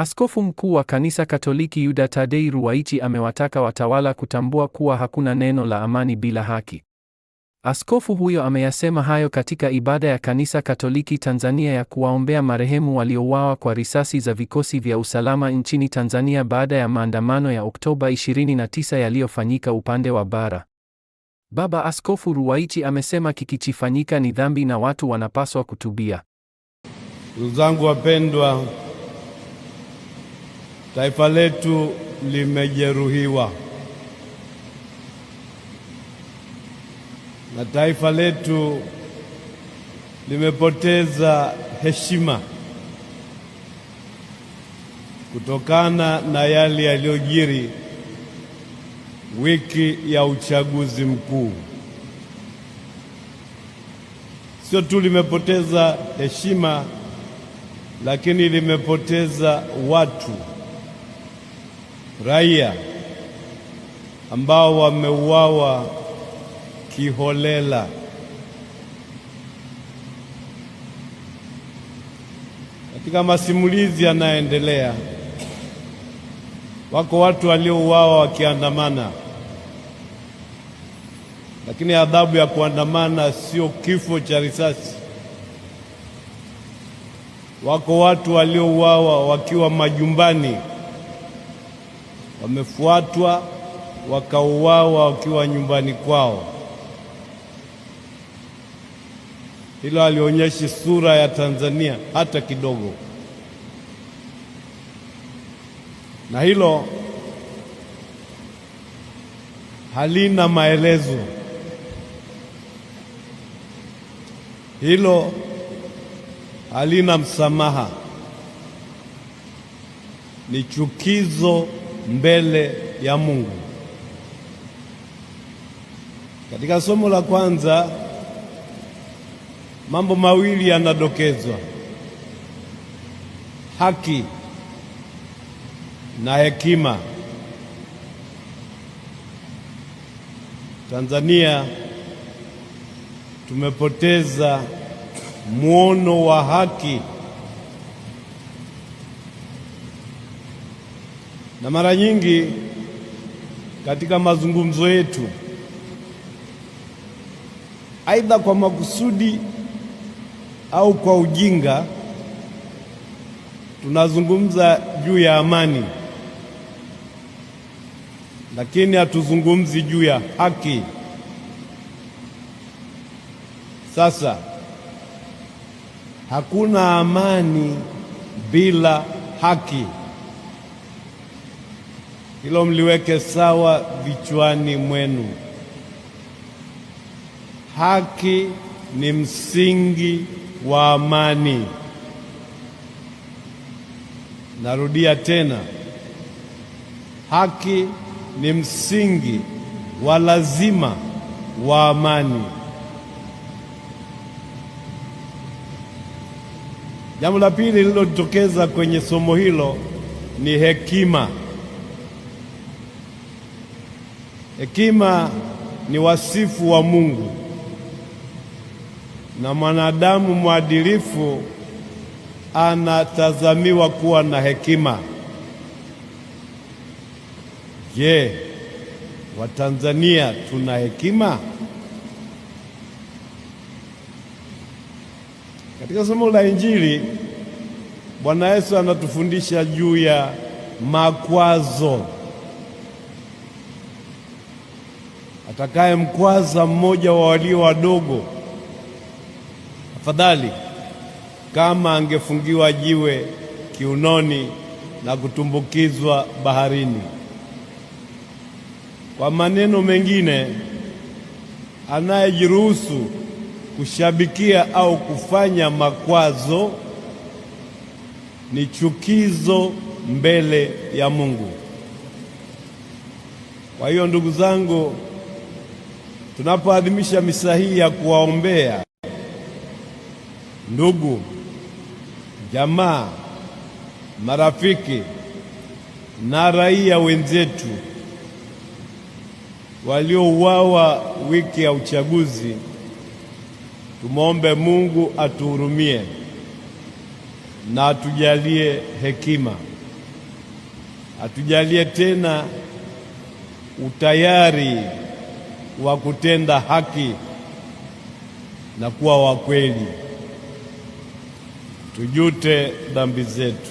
Askofu mkuu wa Kanisa Katoliki Yuda Tadei Ruwaichi amewataka watawala kutambua kuwa hakuna neno la amani bila haki. Askofu huyo ameyasema hayo katika ibada ya Kanisa Katoliki Tanzania ya kuwaombea marehemu waliouawa kwa risasi za vikosi vya usalama nchini Tanzania baada ya maandamano ya Oktoba 29 yaliyofanyika upande wa bara. Baba Askofu Ruwaichi amesema kikichifanyika ni dhambi na watu wanapaswa kutubia. Ndugu zangu wapendwa, Taifa letu limejeruhiwa na taifa letu limepoteza heshima kutokana na yale yaliyojiri wiki ya uchaguzi mkuu. Sio tu limepoteza heshima, lakini limepoteza watu raia ambao wameuawa kiholela. Katika masimulizi yanayoendelea, wako watu waliouawa wakiandamana, lakini adhabu ya kuandamana sio kifo cha risasi. Wako watu waliouawa wakiwa majumbani wamefuatwa wakauawa wakiwa nyumbani kwao. Hilo alionyeshi sura ya Tanzania hata kidogo, na hilo halina maelezo. Hilo halina msamaha, ni chukizo mbele ya Mungu. Katika somo la kwanza, mambo mawili yanadokezwa: haki na hekima. Tanzania tumepoteza muono wa haki Na mara nyingi katika mazungumzo yetu, aidha kwa makusudi au kwa ujinga, tunazungumza juu ya amani, lakini hatuzungumzi juu ya haki. Sasa hakuna amani bila haki. Hilo mliweke sawa vichwani mwenu. Haki ni msingi wa amani. Narudia tena, haki ni msingi wa lazima wa amani. Jambo la pili lililotokeza kwenye somo hilo ni hekima. Hekima ni wasifu wa Mungu na mwanadamu mwadilifu anatazamiwa kuwa na hekima. Je, Watanzania tuna hekima? Katika somo la Injili Bwana Yesu anatufundisha juu ya makwazo. atakayemkwaza mmoja wa walio wadogo, afadhali kama angefungiwa jiwe kiunoni na kutumbukizwa baharini. Kwa maneno mengine, anayejiruhusu kushabikia au kufanya makwazo ni chukizo mbele ya Mungu. Kwa hiyo ndugu zangu tunapoadhimisha misa hii ya kuwaombea ndugu, jamaa, marafiki na raia wenzetu waliouawa wiki ya uchaguzi, tumwombe Mungu atuhurumie na atujalie hekima, atujalie tena utayari wa kutenda haki na kuwa wa kweli. Tujute dhambi zetu.